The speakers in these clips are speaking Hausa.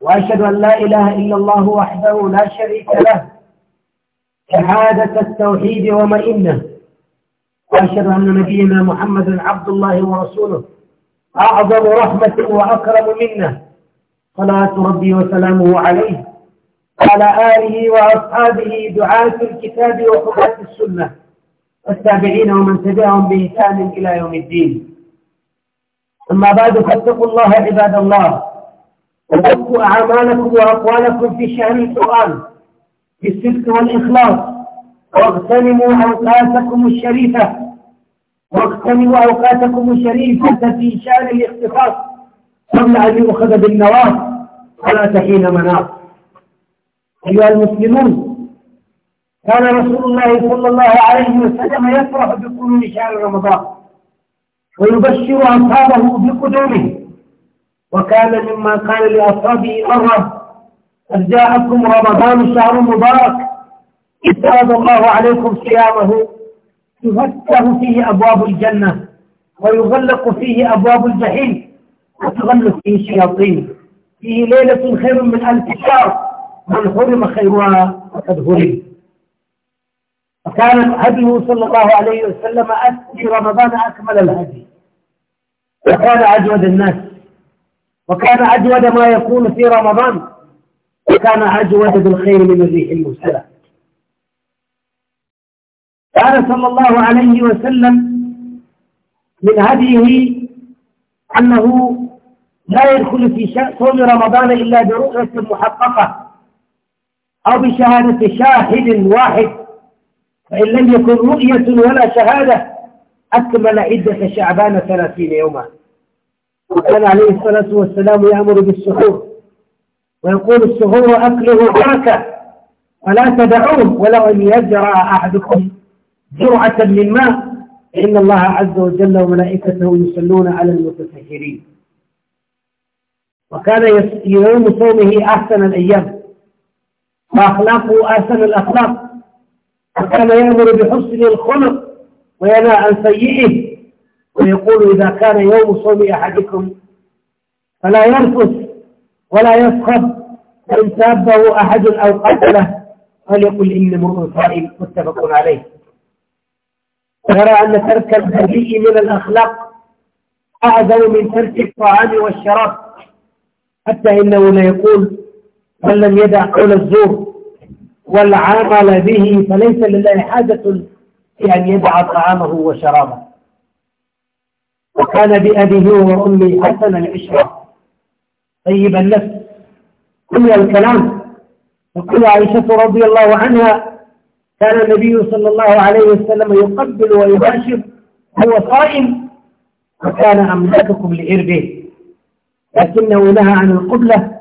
وأشهد أن لا إله إلا الله وحده لا شريك له شهادة التوحيد ومئنة وأشهد أن نبينا محمدا عبد الله ورسوله أعظم رحمة وأكرم منه صلاة ربي وسلامه عليه وعلى آله وأصحابه دعاة الكتاب وقضاة السنة والتابعين ومن تبعهم بإحسان إلى يوم الدين أما بعد فاتقوا الله عباد الله وضبطوا أعمالكم وأقوالكم في شهر القرآن بالصدق والإخلاص واغتنموا أوقاتكم الشريفة واغتنموا أوقاتكم الشريفة في شان الاختصاص قبل أن يؤخذ بالنواة ولا تحين مناص أيها المسلمون كان رسول الله صلى الله عليه وسلم يفرح بقنون شهر رمضان ويبشر أصحابه بقدومه وكان مما كان لأصحابه مرة قد جاءكم رمضان شهر مبارك افترض الله عليكم صيامه تفتح فيه أبواب الجنة ويغلق فيه أبواب الجحيم وتغلق فيه الشياطين فيه ليلة خير من ألف شهر من حرم خيرها فقد هرم وكان هديه صلى الله عليه وسلم في رمضان أكمل الهدي وكان أجود الناس وكان أجود ما يكون في رمضان وكان أجود بالخير من الريح المرسلة كان صلى الله عليه وسلم من هديه أنه لا يدخل في صوم رمضان إلا برؤية محققة أو بشهادة شاهد واحد فإن لم يكن رؤية ولا شهادة أكمل عدة شعبان ثلاثين يوما وكان عليه الصلاة والسلام يأمر بالسحور ويقول السحور أكله بركة فلا تدعوه ولو أن يجرى أحدكم جرعة من ماء إن الله عز وجل وملائكته يصلون على المتسهرين وكان يوم صومه أحسن الأيام وأخلاقه أحسن الأخلاق وكان يأمر بحسن الخلق وينهى عن سيئه ويقول إذا كان يوم صوم أحدكم فلا يرفث ولا يسخب فإن سابه أحد أو قتله فليقل إن امرؤ صائم متفق عليه ترى أن ترك الهدي من الأخلاق أعظم من ترك الطعام والشراب حتى إنه لا يقول من لم يدع قول الزور والعمل به فليس لله حاجة في أن يدع طعامه وشرابه وكان بأبيه وأمي حسن العشرة طيب النفس كل الكلام وكل عائشة رضي الله عنها كان النبي صلى الله عليه وسلم يقبل ويباشر هو صائم وكان أملاككم لإربه لكنه نهى عن القبلة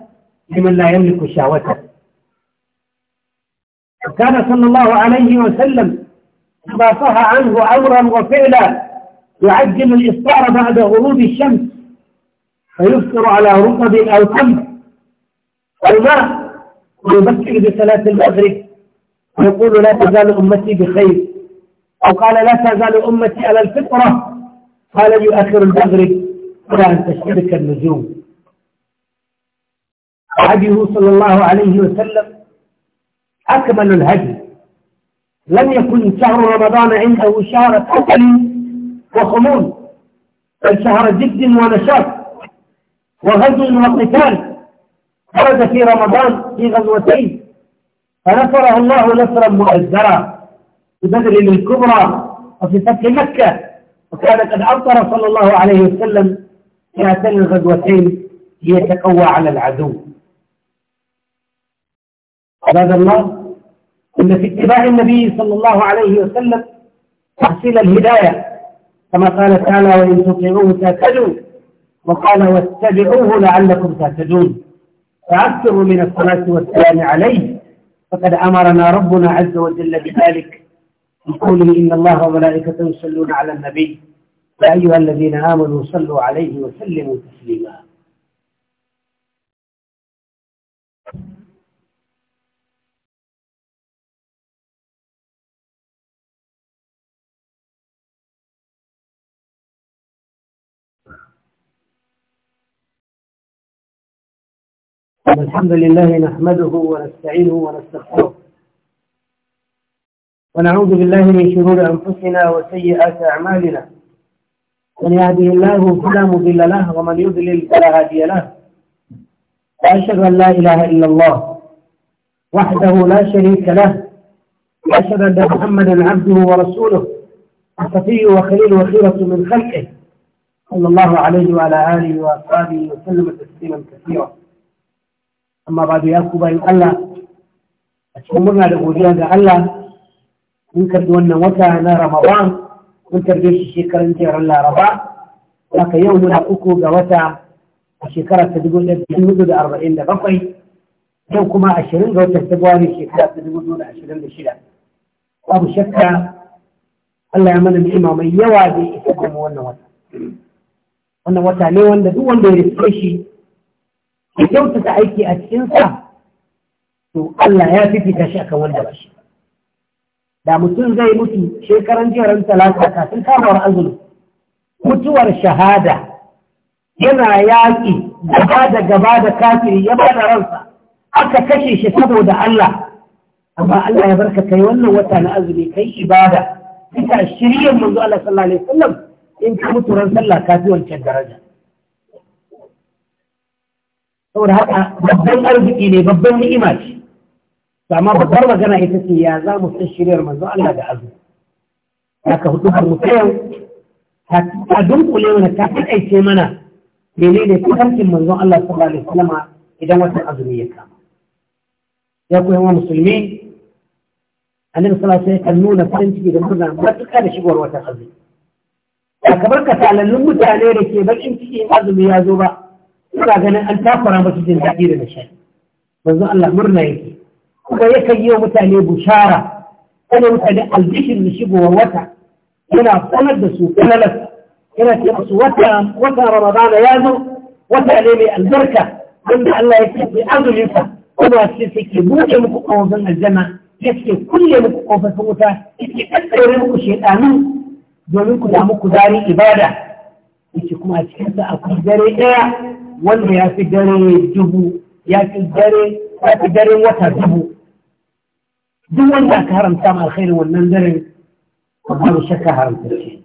لمن لا يملك شهوته وكان صلى الله عليه وسلم ما صح عنه أمرا وفعلا يعجل الإفطار بعد غروب الشمس فيفطر على رطب أو تمر والماء ويبكر بصلاة المغرب ويقول لا تزال أمتي بخير أو قال لا تزال أمتي على الفطرة قال يؤخر المغرب إلى أن تشتبك النجوم هديه صلى الله عليه وسلم أكمل الهدي لم يكن شهر رمضان عنده شهر أكل وخمول بل شهر جد ونشاط وغزو وقتال خرج في رمضان في غزوتين فنصره الله نصرا مؤزرا في بدر الكبرى وفي فتح مكة وكان قد أمطر صلى الله عليه وسلم في هاتين الغزوتين ليتقوى على العدو عباد الله إن في اتباع النبي صلى الله عليه وسلم تحصيل الهداية كما قال تعالى وإن تطيعوه تهتدوا وقال واتبعوه لعلكم تهتدون فأكثروا من الصلاة والسلام عليه فقد أمرنا ربنا عز وجل بذلك بقوله إن الله وملائكته يصلون على النبي يا أيها الذين آمنوا صلوا عليه وسلموا تسليما الحمد لله نحمده ونستعينه ونستغفره ونعوذ بالله من شرور أنفسنا وسيئات أعمالنا من يهده الله فلا مضل له ومن يضلل فلا هادي له وأشهد أن لا إله إلا الله وحده لا شريك له وأشهد أن محمدا عبده ورسوله الصفي وخليل وخيرة من خلقه صلى الله عليه وعلى آله وأصحابه وسلم تسليما كثيرا amma ba da ya ku bayan Allah a cikin murna da godiya ga Allah mun karbi wannan wata na Ramadan mun karbe shi shekaran jeran Laraba haka yau muna uku ga wata a shekara ta dubu ɗaya dubu da arba'in da bakwai yau kuma ashirin ga watan Fabrairu shekara ta dubu biyu da ashirin da shida babu shakka Allah ya mana ni'ima mai yawa da ya isa kuma wannan wata wannan wata ne wanda duk wanda ya rike shi ya kyautata aiki a cikinsa to Allah ya fifita shi akan wanda ba shi da mutum zai mutu shekaran jiran talata kafin kamar azumi mutuwar shahada yana yaƙi gaba da gaba da kafiri ya bada ransa aka kashe shi saboda Allah amma Allah ya barka kai wannan wata na azumi kai ibada bisa shiriyar manzo Allah sallallahu alaihi wasallam in ka mutu ran sallah ka fi wancan daraja saboda haka babban arziki ne babban ni'ima ce amma babbar magana ita ce ya za mu san shiryar manzo Allah da azu haka hudu mu yau ta dunkule mana ta kaice mana menene kusancin manzon Allah sallallahu alaihi wasallam idan watan azumi ya kama ya ku yawan musulmi annabi sallallahu alaihi wasallam nuna farin ciki da murna matuƙa da shigowar watan azumi ka barka kasalallun mutane da ke bakin cikin azumi ya zo ba suna ganin an takwara masu jin daɗi da nishadi manzo Allah murna yake kuma yakan yi wa mutane bushara yana mutane albishir da shigowar wata yana sanar da su kanalas yana ce musu wata wata ramadana ya zo wata ne mai albarka wanda Allah ya ce azumin ka, kuma shi suke buɗe muku ƙofofin aljanna ya ce kulle muku ƙofofin wuta ya ce ƙaddare muku shaiɗanu domin ku samu kuzari ibada ya kuma a cikinsa akwai dare daya. wanda ya fi dare dubu ya fi dare ya fi dare wata dubu duk wanda aka haramta ma alkhairi wannan daren mu shakka haramta ce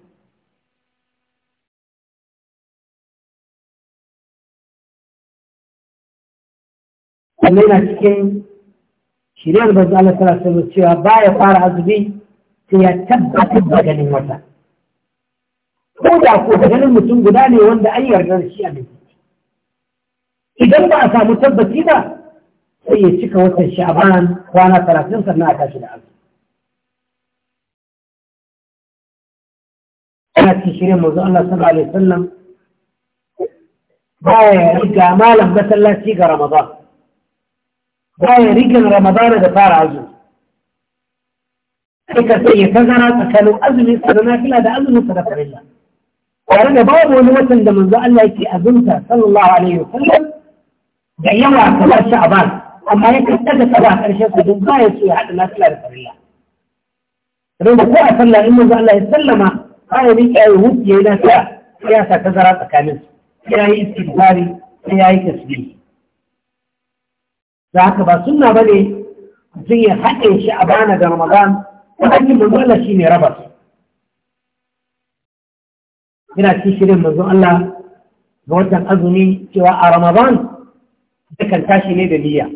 sannan yana cikin shirya da bazan Allah sallallahu alaihi cewa baya fara azumi sai ya tabbatar da ganin wata ko da ko da ganin mutum guda ne wanda an yarda da shi a mai idan ba a samu tabbaci ba sai ya cika watan sha'ban kwana talatin sannan a tashi da azu ana cikin shirin manzo Allah sallallahu alaihi wasallam ya riga malam masallaci ga Ramadan ya rigan Ramadan da fara azumi sai ka sai ya tazara tsakanin azumin sa da nafila da azumin sa da farilla tare da babu wani watan da manzo Allah yake azumta sallallahu alaihi wasallam da yawa kamar sha'aban amma ya kan ɗaga saba a ƙarshen su don ba ya ce ya haɗa lafiya da farilla don ko a sallah in manzo Allah ya sallama ba ya miƙa ya hutu ya yi lafiya sai ya sa tazara tsakanin su sai ya yi istighfari sai ya yi tasbih da haka ba sunna bane mutum ya haɗe shi a bana da Ramadan wadannan manzo Allah shine raba su yana ci shirin manzo Allah ga watan azumi cewa a Ramadan yakan tashi ne da niyya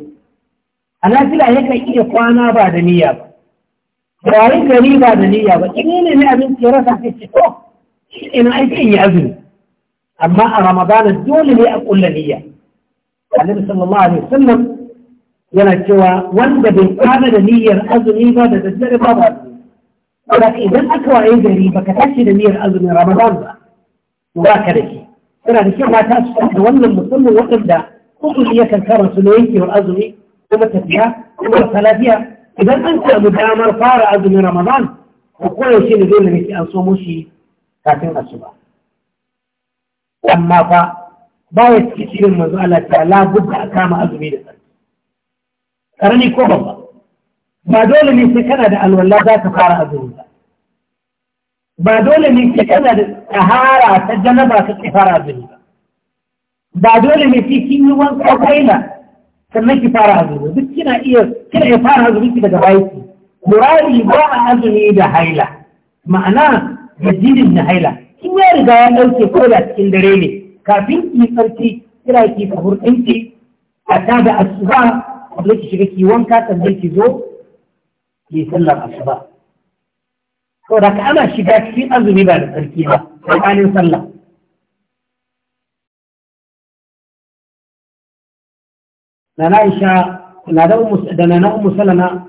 a nafila yakan iya kwana ba da niyya ba Rayin gari ba da niyya ba, in ne ne abinci ya rasa sai ce, to, ina aiki in yi azumi. Amma a Ramadana dole ne a kulla niyya. Annabi sallallahu alaihi wasallam yana cewa wanda bai kwana da niyyar azumi ba da daddare ba ba azumi. idan aka waye gari baka tashi da niyyar azumin Ramadan ba, to ba ka da shi. Suna da kyau mata su da wannan musamman waɗanda hukun yakan karansu na yankewar azumi kuma tafiya kuma salafiya, idan an samu damar fara azumin ramadan ko koyaushe ne dole ne sai an so mushi kafin asuba amma fa ba ya cikin shirin manzo Allah ta la budda a kama azumi da sarki karani ko babba ba dole ne sai kana da alwala za ka fara azumi ba ba dole ne sai kana da tahara ta janaba ka fara azumi ba Da dole ne sai kin yi wanka na sannan ki fara azumi duk kina iya kina iya fara azumi ki daga baya ki murari ba a azumi da haila ma'ana jadidin na haila kin ya riga ya dauke ko da cikin dare ne kafin ki sarki kira ki kabur ki a ta da asuba wanda ki shiga ki wanka sannan ki zo ki sallar asuba to da ka ana shiga cikin azumi ba da tsarki ba tsakanin sallah na Aisha na da ummu da na ummu salama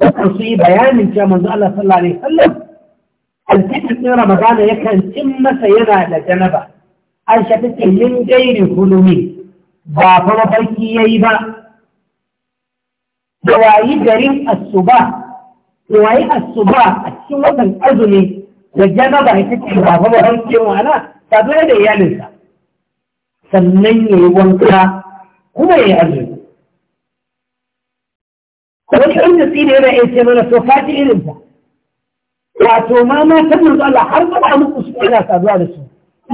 da su yi bayanin cewa manzo Allah sallallahu alaihi wasallam alfitin din Ramadan yakan cin masa yana da janaba Aisha take min gairi hulumi ba fa mafarki yayi ba da wayi garin asuba da wayi asuba a cikin wannan azumi da janaba ita ce ba fa mafarki wala ta da iyalinsa sannan yayi wanka kuma yayi azumi wani ɗan nasi ne yana iya mana to ka irin ta wato ma ma ta manzo Allah har faɗa muku su ina saduwa da su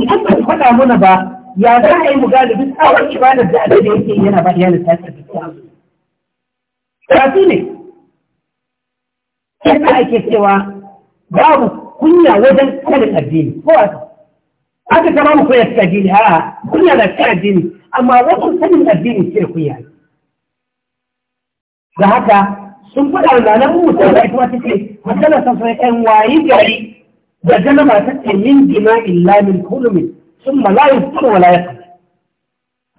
idan ba faɗa mana ba ya za a yi mu gane duk tsawon ibadar da ake da yake yana ba yana ta ta karatu ne yadda ake cewa babu kunya wajen kanin addini ko a aka kama mu koyar addini a'a kunya na cikin addini amma wajen sanin addini ce kunya ne da haka sun faɗa da nan mutu da wata take matsalar sa sai ɗan wayi gari da janaba ta ce gina illa min kulmin sun malayin kuma wala ya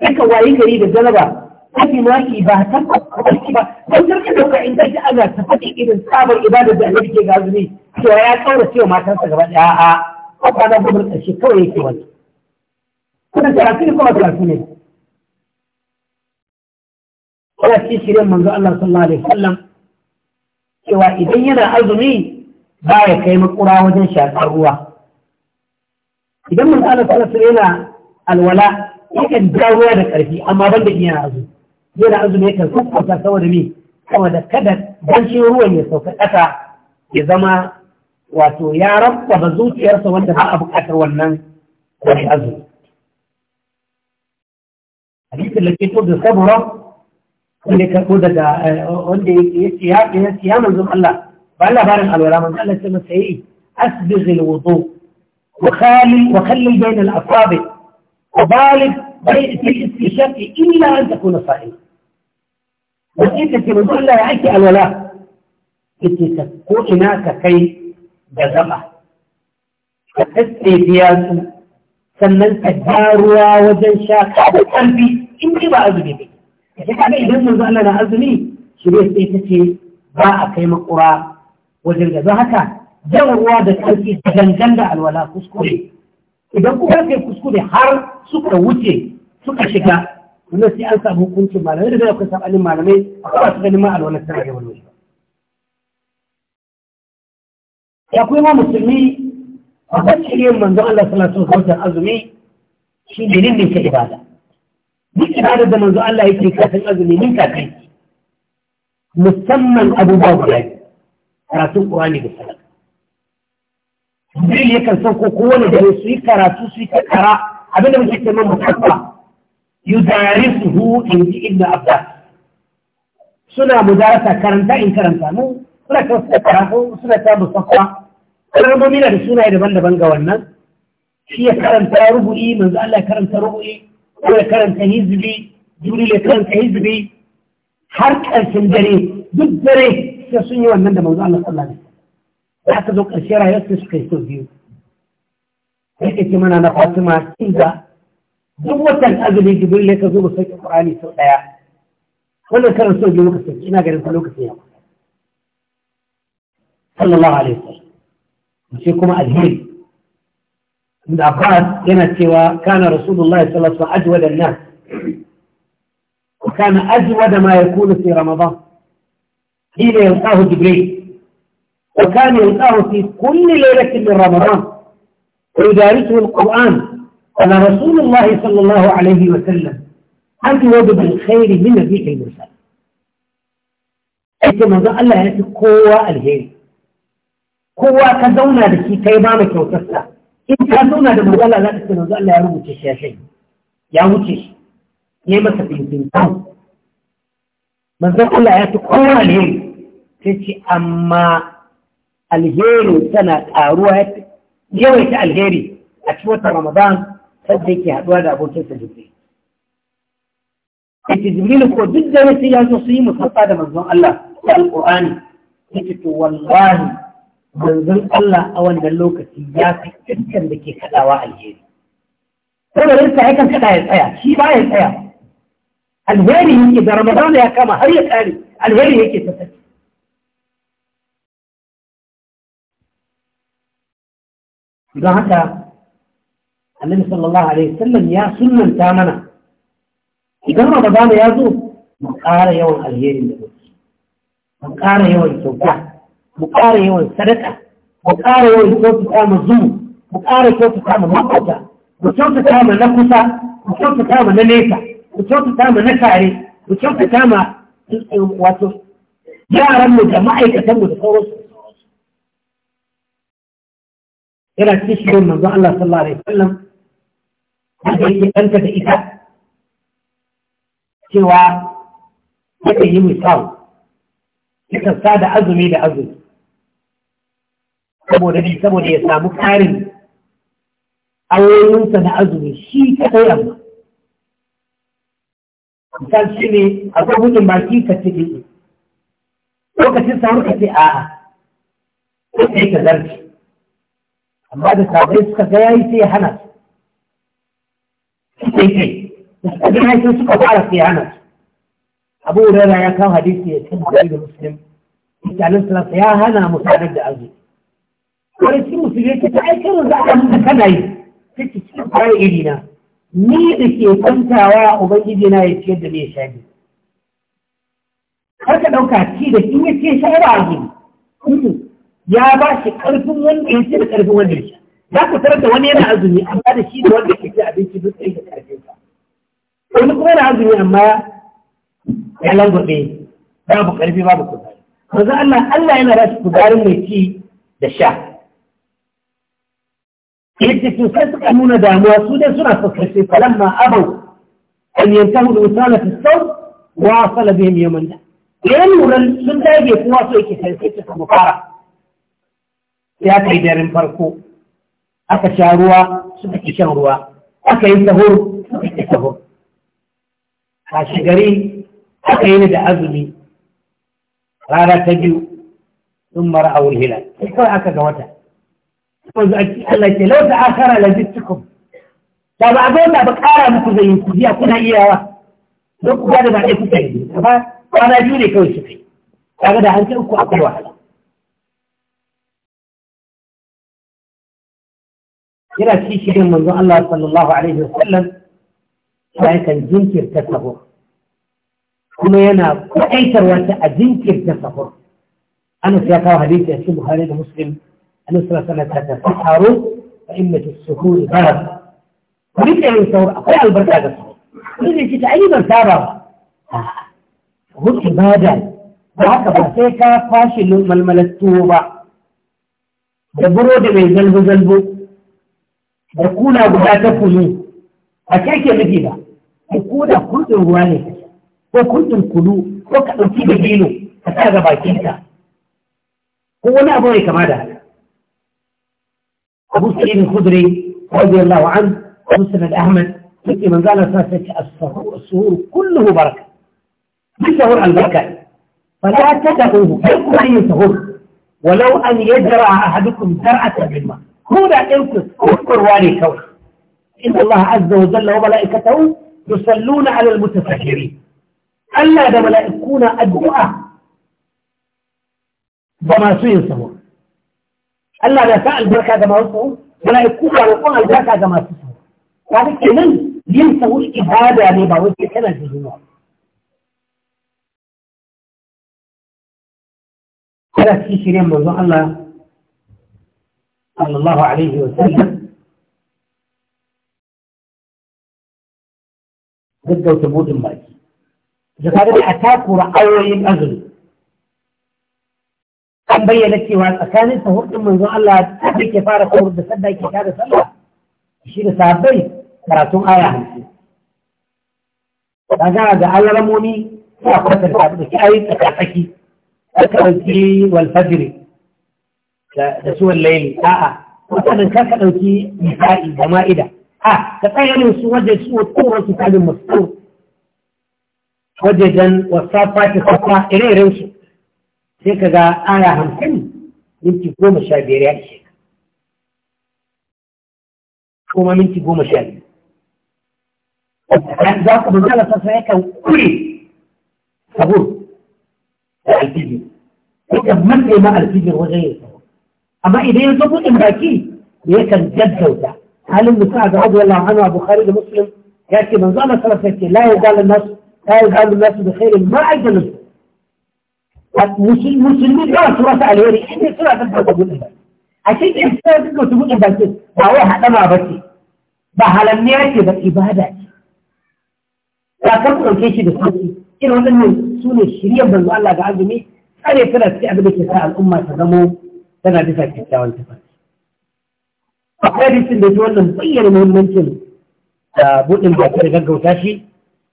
kaka wayi gari da janaba ta maki ba ta kwanci ba don jirgin dauka in ta ji ana ta faɗi irin tsabar ibadar da annabi ke gazumi cewa ya kaura cewa matarsa gaba ɗaya a kwana gudun ƙarshe kawai yake wani. Kuna karatu ne kuma karatu ne. wala cikin shirin manzo Allah sallallahu alaihi wasallam cewa idan yana azumi ba ya kai makura wajen shakar ruwa idan manzo Allah sallallahu alaihi yana alwala yakan ja ruwa da ƙarfi amma ban da yana azumi yana azumi yakan kukkata saboda me saboda kada dancin ruwan ya sauka ƙasa ya zama wato ya ba zuciyarsa wanda ba a buƙatar wannan wani azumi hadisin da ke to da wanda ya karɓo daga eh, wanda ya ce ya manzon Allah ba labarin alwala manzon Allah ce masa yi asbigh alwudu wa khali wa khalli bain al-asabi wa balig bai fi istishaq illa an takuna sa'im wanda ya ce manzon Allah ya ake alwala yake ka ko ina ka kai da zama ka tsaye sannan ka ja ruwa wajen sha ka da kalbi in ba azumi ka kaga idan manzo Allah na azumi shirye sai ta ce ba a kai makura wajen da haka jan ruwa da karfi da gangan da alwala kuskure idan kuma kai kuskure har suka wuce suka shiga wannan sai an samu hukuncin malamai da zai akwai sabanin malamai akwai su ganin ma alwala tana da wani ya kuma musulmi a bacci ne manzo Allah sallallahu alaihi wasallam azumi shi ne ne ke ibada duk ibada da manzo Allah yake kafin azumi min kafin musamman abubuwa guda karatun Qur'ani da sadaka Jibril yakan san ko kowane da su yi karatu su yi kakara abinda muke cewa man mutaffa yudarisuhu in ji ibn abda suna mudarasa karanta in karanta mu suna karanta karatu suna ta musaffa kalmomi na da sunaye daban-daban ga wannan shi ya karanta rubu'i manzo Allah ya karanta rubu'i كانت هزبي جولي لكانت هزبي حركة سنجري بذري سيصني وأنا ده موضوع الله الله حتى ذوق أشياء يسقس قيسو ديو هيك كمان أنا قاسم عارفين ده دوّة الأذل يجبر لك ذوق سيد القرآن يسوع ولا كان رسول الله كسر إنا قرن فلوك فيها صلى الله عليه وسلم مشيكم آية. أذهل من ibn Abbas سوى كان رسول الله صلى الله عليه وسلم أجود الناس وكان أجود ما يكون في رمضان حين يلقاه جبريل وكان يلقاه في كل ليلة من رمضان ويدارسه القرآن قال رسول الله صلى الله عليه وسلم أجود بالخير من نبي المرسل عندما مضى الله يأتي قوة الهير قوة كذونا بشي كيبانك وتفتح in ta nuna da matsala za ta ce Allah ya rubuce shi ya shai ya wuce shi ya yi masa fintin kan manzo Allah ya fi kowa alheri sai ce amma alheri tana ƙaruwa yawaita alheri a cikin wata Ramadan sadda yake haɗuwa da abokinsa Jibril. Yake Jibril ko duk da wasu ya zo su yi musamman da manzon Allah da Alƙur'ani. Yake to wallahi manzon Allah a wannan lokaci ya fi iskan da ke kaɗawa alheri. Saboda iska yakan kaɗa ya tsaya, shi ba ya tsaya. Alheri yake da Ramadan ya kama har ya ƙare, alheri yake ta saki. Don haka, Annabi sallallahu Alaihi wasallam ya sunanta mana, idan Ramadan ya zo, mu ƙara yawan alherin da muke, mu ƙara yawan kyauta, mu ƙara yawan sadaka mu ƙara yawan kyautata ma zumu mu ƙara kyautata ma makwata mu kyautata ma na kusa mu kyautata ma na nesa mu kyautata ma na kare mu kyautata ma eh, wato yaran mu da ma'aikatan mu da sauransu yana cikin shirin manzon Allah sallallahu alaihi wasallam da yake danta da ita cewa yake yi misal yakan sa da azumi da azumi saboda ne saboda ya samu karin ayoyinsa na azumi shi kadai amma misal shi ne akwai hudun baki ka ce ɗin lokacin samu ka ce a'a sai ka zarce amma da sabai suka ga yayi sai hana su sai kai da suka ga yayi suka fara sai hana su abu hurairah ya kawo hadisi ya ce da muslim mutanen salasa ya hana mutanen da azumi wani cikin musulmi ta ta aikin za a nuna kana yi ta ce cikin fara iri na ni da ke kwantawa ubangiji na ya ciyar da ni ya sha biyu. kar ka ɗauka ci da in ya ce sha ba a ya ba shi ƙarfin wanda ya ce da ƙarfin wanda ya sha za ku tarar da wani yana azumi amma da shi da wanda ke ci abinci duk sai da ƙarfin sa wani kuma yana azumi amma ya langwaɗe babu ƙarfi babu kuzari manzo Allah Allah yana ba shi kuzarin mai ci da sha yadda su sai suka nuna damuwa su dai suna fuskace falamma abau an yantahu da misala fi sau wa fala bihim yaman da ya lura sun dage kowa so yake sai sai ta fara ya kai daren farko aka sha ruwa suka ki shan ruwa aka yi sahur suka ki sahur kashi gari aka yi da azumi rana ta biyu sun mara a wulhila sai kawai aka ga wata wanzu Allah ke lauta akara la jittukum da ba a zauta ba kara muku zai ku biya kuna iyawa don ku gada ba ɗaya kuka yi amma kwana biyu ne kawai suka yi kaga da hankali uku akwai wahala yana cikin shirin manzon Allah sallallahu alaihi wa wasallam sai kan jinkirta sahur kuma yana kwaɗaitarwa ta a jinkirta sahur Anas ya kawo hadisi a cikin Buhari da Muslim annabi sallallahu alaihi wasallam ta tasaharu fa innatu as-suhuri barak rike yin sauri akwai albarka ga su ni ne ci ta ayi ban saba ba hudu ibada ba haka ba sai ka fashi malmalar tuwo ba da burodi mai zalbo-zalbo da kuna guda ta kulu. a kyarke nufi ba ko koda kundin ruwa ne ko kundin kulu ko ka ɗauki da dino ka sa ga ko wani abu mai kama da haka أبو سعيد الخدري رضي الله عنه مسند أحمد يقول من قال فاسك السهور كله بركة من سهور البركة فلا تدعوه فيكم أن يسهر ولو أن يزرع أحدكم زرعة بالماء هنا انكس اذكر والي كوي إن الله عز وجل وملائكته يصلون على المتفجرين ألا ده ملائكونا الدعاء بما سوء سهور Allah ya sa albarka ga masu mala'iku kuka na son albarka ga masu su ka ga kenan yin sahu ibada ne ba wai kana da zuwa kada ci shirin manzon Allah sallallahu alaihi wa sallam gaggauta budin baki da kaga da a takura ayoyin azumi an bayyana cewa tsakanin sahurdin manzon Allah da ke fara sahur da sadda ke tada sallah shi da sahabbai karatun aya hamsin kaga ga alamomi suna kwatar da da ke ayi tsakatsaki aka ɗauki walfajiri da su suwan laili a'a mutanen ka ka ɗauki nisa'i da ma'ida a ka tsayanin su waje su wa tsoron kitabin masu wajejen wasa ta safa ire-irensu sai ka ga aya hamsin minti goma sha biyar ya ishe ka kuma minti goma sha biyar. an za ku manzala ya kan kure sabur da alfijir yakan matse ma alfijir wajen yin sabur amma idan ya zo buɗin baki ya kan jaddauta halin musa ga abu yalla hannu a bukari da muslim ya ce manzala sassa ya ce la ya zala nasu la ya zala nasu da khairin ma'ajalin musulmi yawan su wasu alheri inda suna son karɓar gudun ba a cikin suna son karɓar kuɗin ba ce ba wai haɗama ba ce ba halamniya ce ba ibada ce ba kan ku ɗauke shi da sauƙi irin waɗannan su ne shiryar banzu Allah ga azumi tsare tana cikin abin da ke sa al'umma ta zamo tana bisa kyakkyawan tafarki. Akwai hadisin da ke wannan bayyana muhimmancin ah, buɗin da ta gaggauta shi,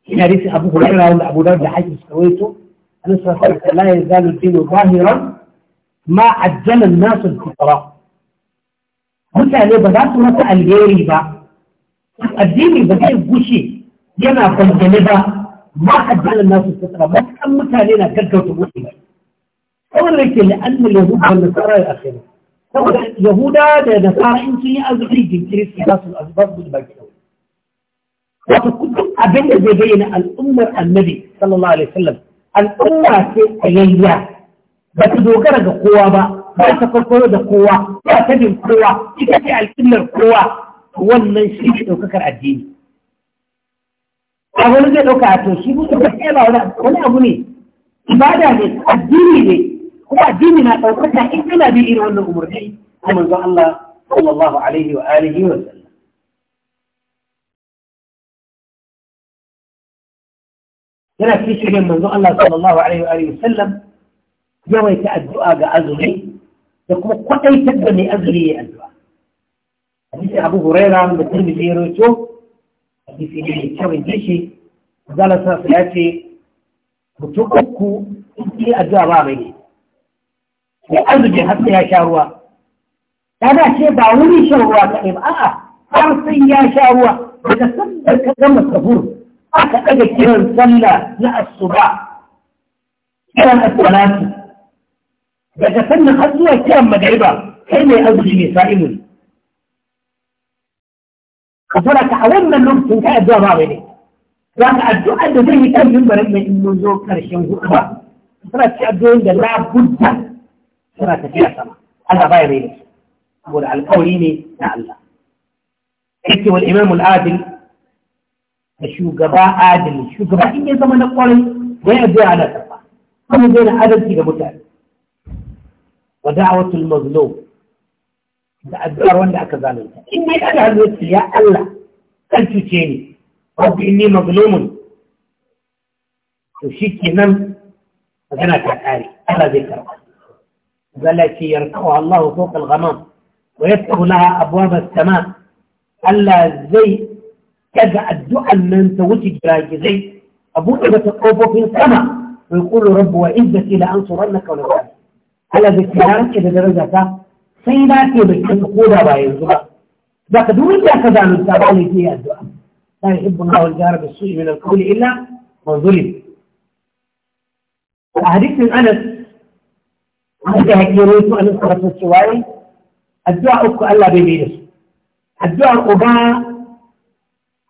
shi risin Abu Hurairah wanda Abu da haƙƙi suka waito. نصف لا يزال الدين ظاهرا ما عجل الناس الفطرة هل تعني بدأت مساء الغريبة الدين بدأ يبوشي ينا فالجنبة ما عجل الناس الفطرة ما تكمت علينا كالكو تبوشي أول ريك لأن اليهود والنصارى الأخيرة يهودا دا نصارى انتي أزغي جنكري في ناس الأزباط بالباكيون وفي كتب أبنى زيبين الأمة النبي صلى الله عليه وسلم al'umma ce tsayayya ba ta dogara ga kowa ba ba ta farfaro da kowa ba ta bin kowa ita ce al'ummar kowa wannan shi ne ɗaukakar addini a wani zai ɗauka to shi mutum ba ba wani abu ne ibada ne addini ne kuma addini na ɗaukaka in kana bi irin wannan umarni a manzon Allah sallallahu alaihi wa alihi wa sallam yana kishirin manzon Allah sallallahu alaihi wa sallam yawaita addu'a ga azumi da kuma kwaɗaitar da mai azumi ya addu'a hadisi Abu Huraira da Tirmidhi ya rawaito hadisi ne mai kyau inda zala zalla sa ya ce mutum uku in addu'a ba mai ne sai azumi har sai ya sha ruwa kada ce ba wuri shan ruwa kaɗai ba a'a har sai ya sha ruwa daga sanda ka gama sahur aka ɗaga kiran sallah na asuba kiran asalatu daga sannan har zuwa kiran magariba kai mai azumi ne sa'imun ka fara ka a wannan lokacin ka addu'a ba ne za ka addu'a da zai yi kan mimbarin mai in mun zo karshen hudu ba suna ci addu'o'in da na budda suna tafiya sama Allah baya rai da su saboda alƙawari ne na Allah yake wal imamul adil da shugaba adali shugaba in ya zama na kwarai da ya zai ana tafa kuma zai adalci ga mutane wa da'awatul mazlum da addu'ar wanda aka zalunta in mai daga hannu ya Allah kan cuce ni rabbi inni mazlumun to shikenan magana ta kare Allah zai karba zalati yarkawa Allah fawqa al-ghamam wa yaftahu laha abwab as-sama Allah zai daga addu'an nan ta wuce giragizai a buɗe mata ƙofofin sama mai ƙulu rabbu wa izzati la an suran na kaunar Allah zai ce ya rike da daraja ta sai na ce bai kanka koda ba yanzu ba za ka duk da ka zalunta ba ne ke addu'a la yuhibbu Allahu al-jahra bis-su'i min al-qawli illa man zulim a hadisin Anas an da hakki rawaito Anas karatu cewa addu'a uku Allah bai bai da su addu'ar uba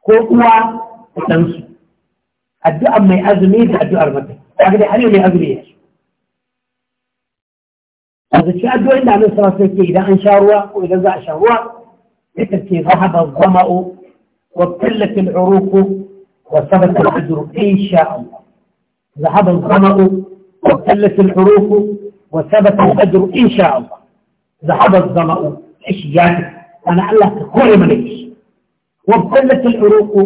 ko kuwa kusansu addu'ar mai azumi da addu'ar mata kaga dai har yau mai azumi ya a zaci addu'o'in da annabi sallallahu alaihi wasallam idan an sha ruwa ko idan za a sha ruwa yakan ce zahaba zama'u wa qillat al-uruq wa thabata al-ajru insha Allah zahaba zama'u wa qillat al-uruq wa thabata al-ajru insha Allah zahaba zama'u ايش جاك انا الله تكوري من ايش wabballatul uruqu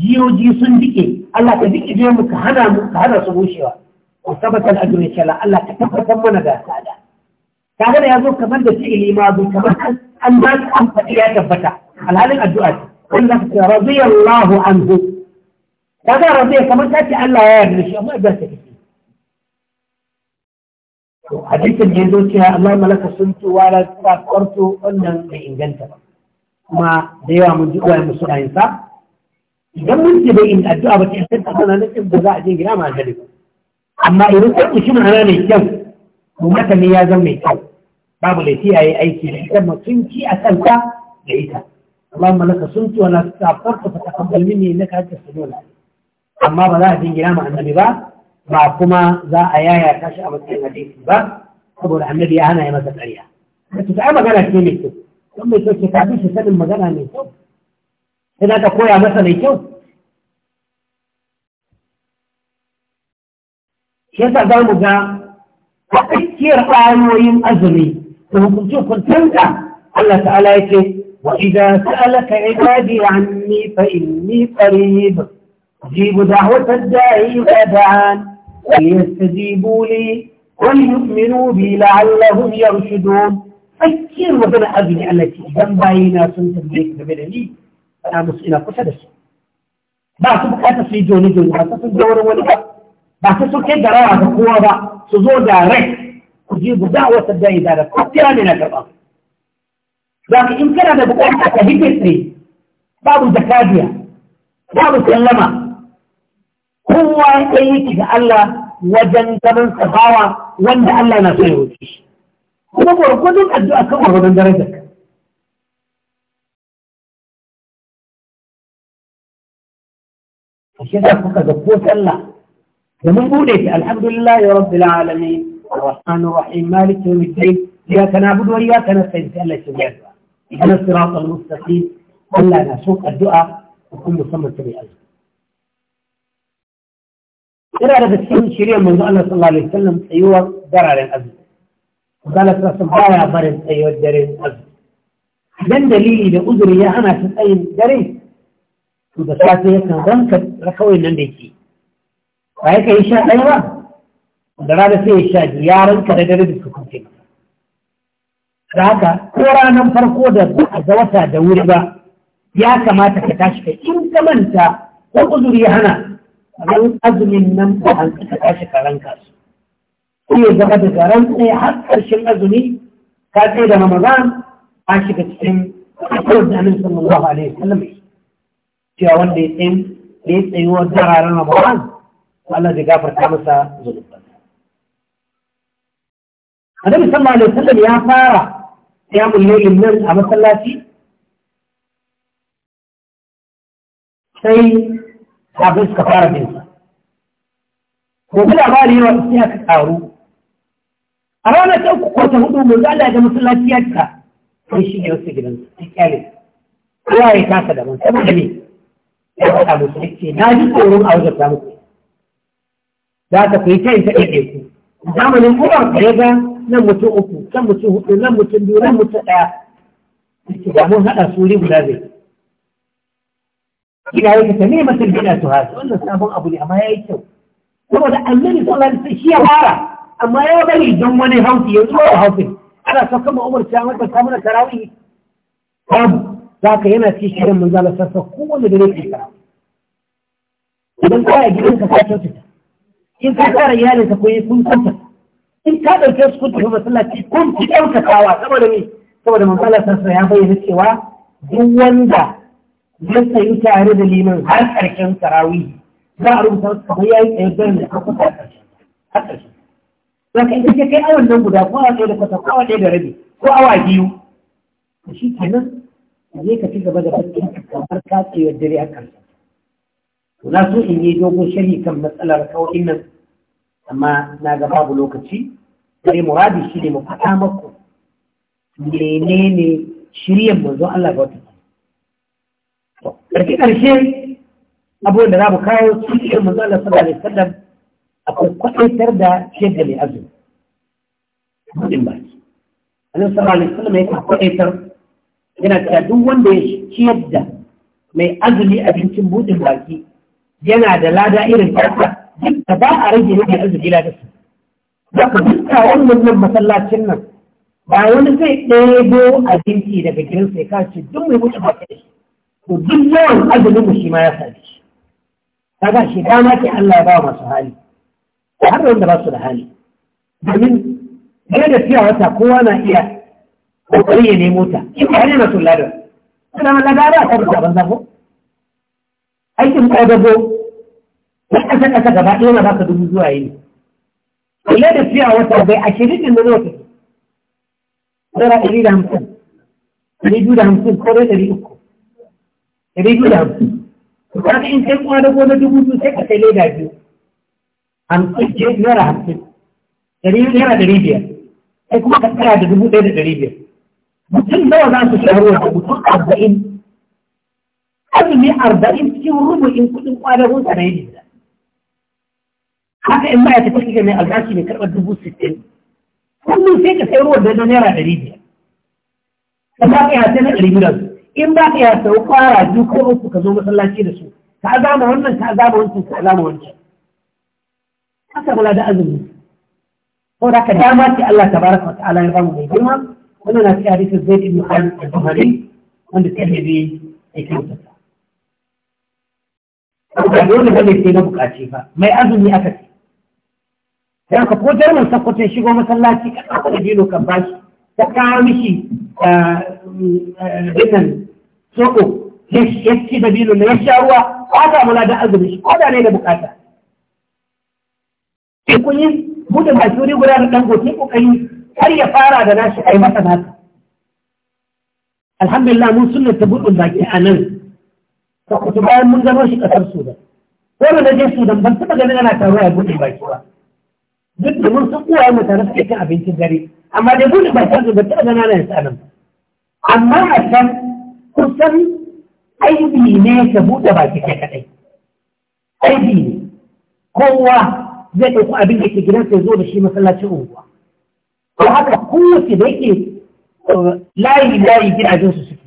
jiyoji sun dike Allah ka dike je mu ka hana mu ka hana su bushewa wa sabata al-ajru Allah ka tabbatar mana da sada kaga da yazo kamar da fi'ili ma zo kamar an ba an faɗi ya tabbata alhalin addu'a ce wanda ka ce radiyallahu anhu kaga radiya kamar ta ce Allah ya yarda shi amma ba ta kike to hadisin da yazo cewa Allah malaka suntu wala taqartu wannan bai inganta ba kuma da yawa mun ji uwaye musu yin idan mun ji bai addu'a ba ta sai ta sanar nufin ba za a je gida ma gari amma idan ta mun ma'ana mai kyau mu mata ne ya zama mai kyau babu laifi yayi aiki da ita mutunci a kanta da ita اللهم لك صمت ولا استغفرت فتقبل ne ka انت su العليم amma ba za a je gida ma annabi ba ba kuma za a yaya ta shi a matsayin hadisi ba saboda annabi ya hana ya masa ƙarya Ka ta magana ce mai kyau don mai kyau ke kafin shi sanin magana mai kyau ina ka koya masa mai kyau shi yasa za mu ga a tsakiyar ayoyin azumi da hukunci hukuntanta Allah ta'ala ya ce wa idan sa'alaka ibadi anni fa inni qarib أجيب دعوة الداعي إذا دعان وليستجيبوا لي وليؤمنوا بي لعلهم يرشدون tsakiyar magana azumi Allah ce idan bayina sun tambaye ka game da ni faɗa musu ina kusa da su ba su bukatar su yi joni joni ba su sun ga wurin wani ba ba su sun kai garawa ga kowa ba su zo da rai ku je da wata dai da ko kira ne na karɓa Ba ka in kana da bukata ka hike sai babu zakadiya babu sallama kowa ya yi ga Allah wajen gaban sabawa wanda Allah na so ya wuce shi kuma gwargwadon addu'a kan gwargwadon darajarka shi الرحمن الرحيم مالك يوم الدين اياك نعبد واياك نستعين سال الله سبحانه اهدنا الصراط المستقيم ولا نسوق الدعاء وكن مصمم تبع الله ترى هذا الشيء شريعه من الله صلى الله عليه وسلم ايوه درع للاذن magana ta baya barin tsayuwar dare azumi idan dalili da uzuri ya hana shi tsayin dare to da safe yakan ranka rakawai nan da yake ba ya kai sha ɗaya ba da rana sai ya sha biyu da dare da su kuce da haka ko ranar farko da ba a wata da wuri ba ya kamata ka tashi ka in ka manta ko uzuri ya hana a azumin nan ba an ka tashi ka ranka su iya zama da garan tsaye har ƙarshen azumi ka tsaye da ramadan a shiga cikin kawai da annabi sallallahu alaihi wasallam cewa wanda ya tsaye da ya tsaye wa zararen ramadan Allah zai gafarta masa zunuban annabi sallallahu alaihi wasallam ya fara ya mulkin nan a masallaci sai abin suka fara bin sa ko kuma labari yawa sai aka karu a ranar ta uku ko ta hudu manzo Allah ga masallaci ya cika sai shi ne wasu gidan su kyale kowa ya taka daban saboda ne ya faɗa musu ce na ji tsoron a wajen ta za ka kai ta ita ɗaiɗe ku zamanin kowa ka ga nan mutum uku nan mutum hudu nan mutum biyu nan mutum ɗaya yake da mun haɗa su wuri guda zai ina yake ta ne mutum gida su hasa wannan sabon abu ne amma ya yi kyau saboda annabi sallallahu alaihi wasallam shi ya fara amma ya bari don wani hauki ya zuwa hauki ana so kama umar ta mata ta mana tarawih za ka yana ci shirin mun zala sassa kowanne dare ke tarawih idan ka yi gidan ka kyautata in ka tsara iyalinka ko koyi kun kunta in ka ɗauke su kun tafi masallaci kun fi kyautatawa saboda me saboda mun zala sassa ya bayyana cewa duk wanda ya sayi tare da liman har ƙarshen tarawi za a rubuta kamar yayi tsaye da ka kusa ƙarshen har ƙarshen Za ka ita kai awon nan guda ko awa ɗaya da kwata ko awa ɗaya da rabi ko awa biyu. Ka shi nan, ka je ka ci gaba da bakin kamar ka wa dare a kansa. Na so in yi dogon shari kan matsalar kawai nan amma na ga babu lokaci. Sai muradi shi ne mu faɗa maku menene shiryan manzo Allah ga wata. Ƙarfi ƙarshe abubuwan da za mu kawo cikin manzo Allah sallallahu alaihi wasallam akwai kwaɗaitar da ciyar da mai azumi buɗin baki annabi sallallahu alaihi wasallam yake kwaɗaitar yana cewa duk wanda ya ciyar da mai azumi abincin buɗin baki yana da lada irin tarsa duk da ba a rage rage azumi lada su za ka duka wannan nan masallacin nan ba wani zai ɗebo abinci daga gidansa ya kace duk mai mutu ba kai to duk yawan azumin mu shi ma ya sami shi kaga shi dama ke Allah ya ba masu hali har da wanda ba su da hali domin ɗaya da fiya wata kowa na iya ƙoƙari ya nemo ta in ba yana sun ladar suna ma ladar ba a kan zaben zafo aikin ƙadago na ƙasa ƙasa gaba ɗaya na baka dubu zuwa yi ɗaya da fiya wata bai a shirin da zuwa ta ɗara ɗari da hamsin ɗari biyu da hamsin ko ɗari uku ɗari biyu da hamsin. ka in kai ƙwadago na dubu biyu sai ka kai leda biyu. hamsin ce naira hamsin ɗari naira ɗari biyar sai kuma ka da dubu ɗaya da ɗari biyar mutum nawa za su shahararwa da mutum arba'in azumi arba'in cikin rubu'in kuɗin kwanar wuta na yi da haka in baya tafi kika mai albashi mai karɓar dubu sittin kullum sai ka sai ruwan da naira ɗari biyar ka ba ka yasa na ɗari biyar in ba ka yasa kwara biyu ko uku ka zo masallaci da su ka azama wannan ka azama wancan ka wancan haka mula da azumi ko da ka dama ce Allah ta baraka wa ta'ala ya bamu mai girma wannan na cikin hadisin zaid ibn khalid al-bukhari wanda tabi'i ya kyautata ba dole bane sai na bukaci ba mai azumi aka ce dan ka ko jarman sakkwato ya shigo masallaci ka ɗauka da dino kan bashi ta kawo mishi eh, eh, bitan soko ya ci da dino na ya sha ruwa ba ta mula da azumi ko da ne da bukata in kun yi gudun ba guda da ɗan gote kokari har ya fara da nashi yi masa nasa alhamdulillah mun sunna ta buɗin baki a nan ta kutu bayan mun zama shi ƙasar sudan ko na je sudan ban taɓa ganin ana taruwa ya buɗin baki ba duk da mun san uwaye mu tare suke cin abincin dare amma dai buɗin baki a ban taɓa ganin ana yin sa nan amma a can kusan aibi ne ka buɗe baki kai kaɗai aibi ne kowa zai ɗauko abin da ke gidansa ya zo da shi masallacin unguwa ko haka kowace da yake layin uh, layi gidajen su suke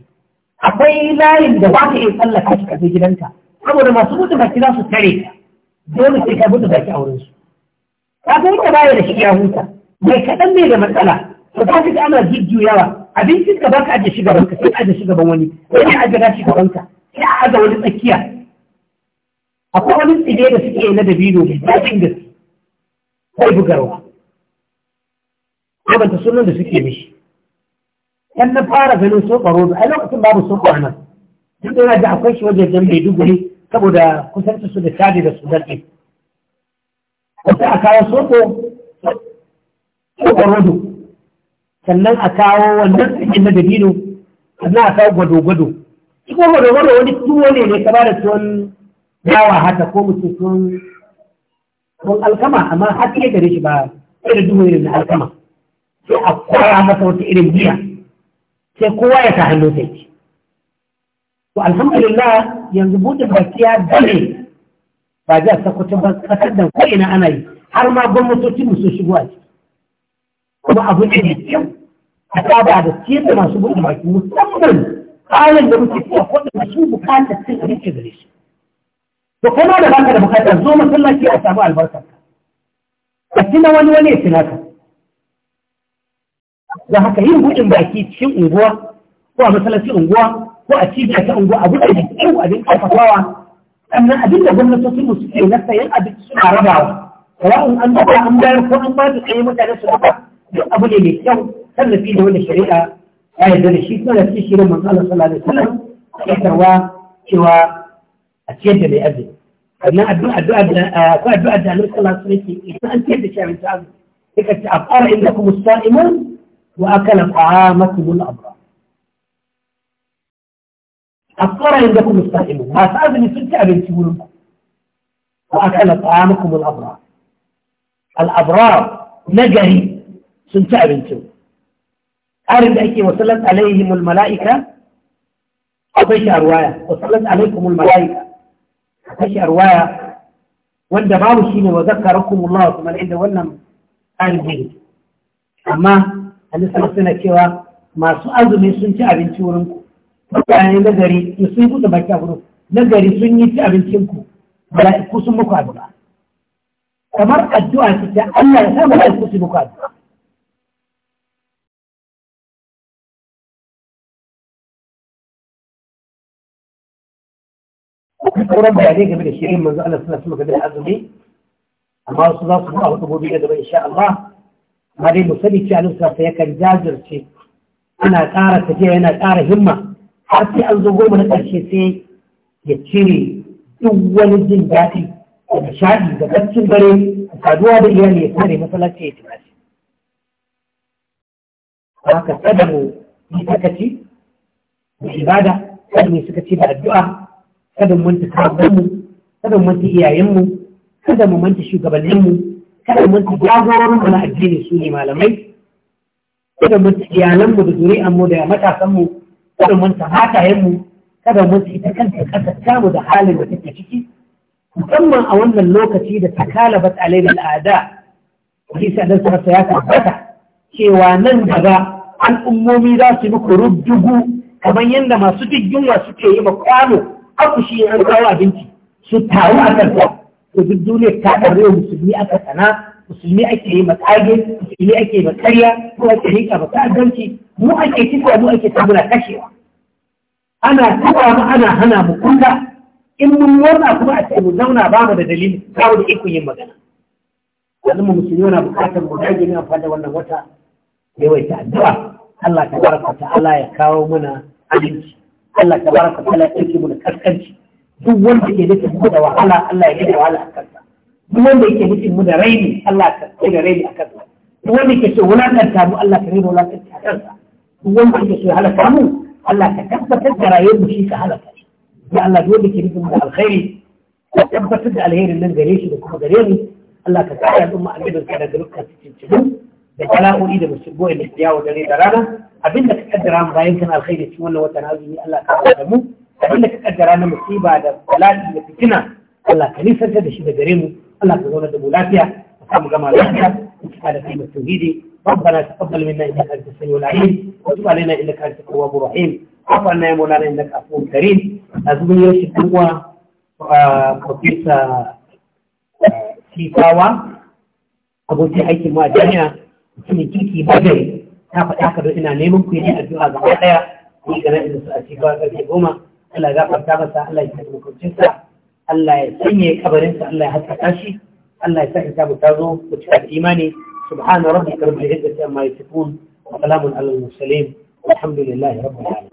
akwai layin da ba ka iya tsallaka shi kaje gidanka saboda masu mutu baki za su tare ka dole sai ka mutu baki auren su ka san ka baya da shi ya huta mai kaɗan ne da matsala to ka ga ana jujjuyawa abincin ka baka ajiye shi gaban ka sai aje shi gaban wani sai aje shi gaban ka sai aza wani tsakiya akwai wani tsire da suke na dabino da zafin gaske sai bugarwa kamanta sunan da suke mishi Yan na fara ganin so rodo a lokacin babu so a nan duk da da akwai shi wajen jan maiduguri saboda kusanci su da tadi da su ɗin wasu a kawo soko soko rodo sannan a kawo wannan tsakin na dabino sannan a kawo gwado-gwado cikin gwado-gwado wani tuwo ne ne kama da tuwon dawa haka ko mutum tuwon don alkama amma ya gare shi ba irin duhu irin na alkama sai a kwaya masa wata irin biya sai kowa ya sa hannu sai ci to alhamdulillah yanzu bude baki ya dame ba ji a sakwacin ba kasar da ko ina ana yi har ma gwamnatoci mu musu shigo a ciki kuma abu ne da kyau a saba da ciyar da masu buɗe baki musamman tsarin da muke cewa kwaɗa masu bukatar cin abinci gare shi to kai da baka da bukatar zo masallaci a samu albarkar ka tuna wani wani ya tuna ka da haka yin buɗin baki cikin unguwa ko a masallaci unguwa ko a cibiya ta unguwa abu da ke kyau abin karfafawa sannan abin da gwamnatocin mu suke na sayan abinci suna rabawa sawa'un an ba an bayar ko an ba su tsaye mutane su duka duk abu ne mai kyau tallafi da wanda shari'a ya yarda da shi tallafi shi da manzo Allah sallallahu alaihi wasallam ya tarwa cewa أتيت إنكم الصائمون وأكل طعامكم الأبرار أفطر عندكم الصائمون وأكل طعامكم الأبرار الأبرار نجري سلسة أبن وصلت عليهم الملائكة أبيت أرواية وصلت عليكم الملائكة a tashi arwaya wanda babu shi ne wa zakarakumullah kuma inda wannan tsarin amma a suna cewa masu azumi sun ci abinci wurin ku mutane na gari sun buɗe baki a wurin na gari sun yi ci abincin ku mala'iku sun muku addu'a kamar addu'a ce ta Allah ya sa mala'iku su muku addu'a ورب يعني كبير الشيء من زعل سنة سمك ده حزمي أما رسول الله صلى الله عليه وسلم إن شاء الله ما لي مسلي شيء على سنة فيك الجازر شيء أنا أعرف تجي أنا أعرف همة حتى أنزوجه من أكل شيء سي يتشري دول الدين جاتي ومشاهد إذا بس بري فدوا بيعني يتشري مثلا شيء تماشي هكذا تدعو بسكتي بعبادة تدعو بسكتي بعد دعاء kada mu manta sabanmu kada mu manta iyayenmu kada mu manta shugabanninmu kada mu manta jagororinmu na addini su ne malamai kada mu manta iyalanmu da zuri'anmu da matasanmu kada mu manta matayenmu kada mu manta ita kanta kasar tamu da halin da take ciki musamman a wannan lokaci da takalabat alaina al'ada hadisi annabi sallallahu ya tabbata cewa nan gaba al'ummomi za su muku rubdugu kamar yadda masu duk yunwa suke yi ma kwano akushi an kawo abinci su taru a kan ta to duk duniya ta karbe musulmi aka sana musulmi ake yi matsage musulmi ake yi makarya ko ake rika matsaganci mu ake kisa mu ake tabura kashewa ana taba mu ana hana mu kunta in mun wannan kuma a ce mu zauna ba mu da dalili saboda da ikon yin magana yanzu mu musulmi yana bukatar mu dage ne amfani da wannan wata yawaita addu'a Allah ta baraka ta Allah ya kawo mana aminci Allah ta baraka ta lafiya ce mu da kaskanci duk wanda ke nufin mu da wahala Allah ya da wahala a kansa duk wanda yake nufin mu da raini Allah ka tsaye da raini a kansa duk wanda yake so wulakanta mu Allah ka raina wulakanta a kansa duk wanda yake so halaka mu Allah ta tabbatar da rayuwar mu shi ka halaka shi ya Allah duk wanda ke nufin mu da alkhairi ka tabbatar da alherin nan gare shi da kuma gare mu. Allah ka kare al'umma annabinka daga dukkan cikin cikin البلاغ إذا بسبوع الاحتياء ودليل دلالة أبين لك تقدر عن غير أن الخير يتمنى وتنازمي ألا تعلمو أبين لك تقدر عن مصيبة على البلاغ التي كنا الله كنيسة جد شد جريمو الله أقول دبولاتيا أصاب جمال لحظة إتحادة في التوهيدي ربنا تقبل منا إنك أنت السميع العليم وتب علينا إنك أنت التواب الرحيم ربنا يا مولانا إنك عفو كريم أظن يوسف هو بروفيسور سيساوا أبو سيحيك المؤجرين mutumin kirki bagare na faɗi haka don ina neman ku yi addu'a gaba ɗaya ni ga nan su a cikin ƙarfe goma Allah ya gafarta masa Allah ya sanya mukuncinsa Allah ya sanya kabarinsa Allah ya haskaka shi Allah ya sa in tabu ta zo ku cika da imani subhana rabbika rabbil izzati amma yasifun wa salamun alal mursalin والحمد rabbil رب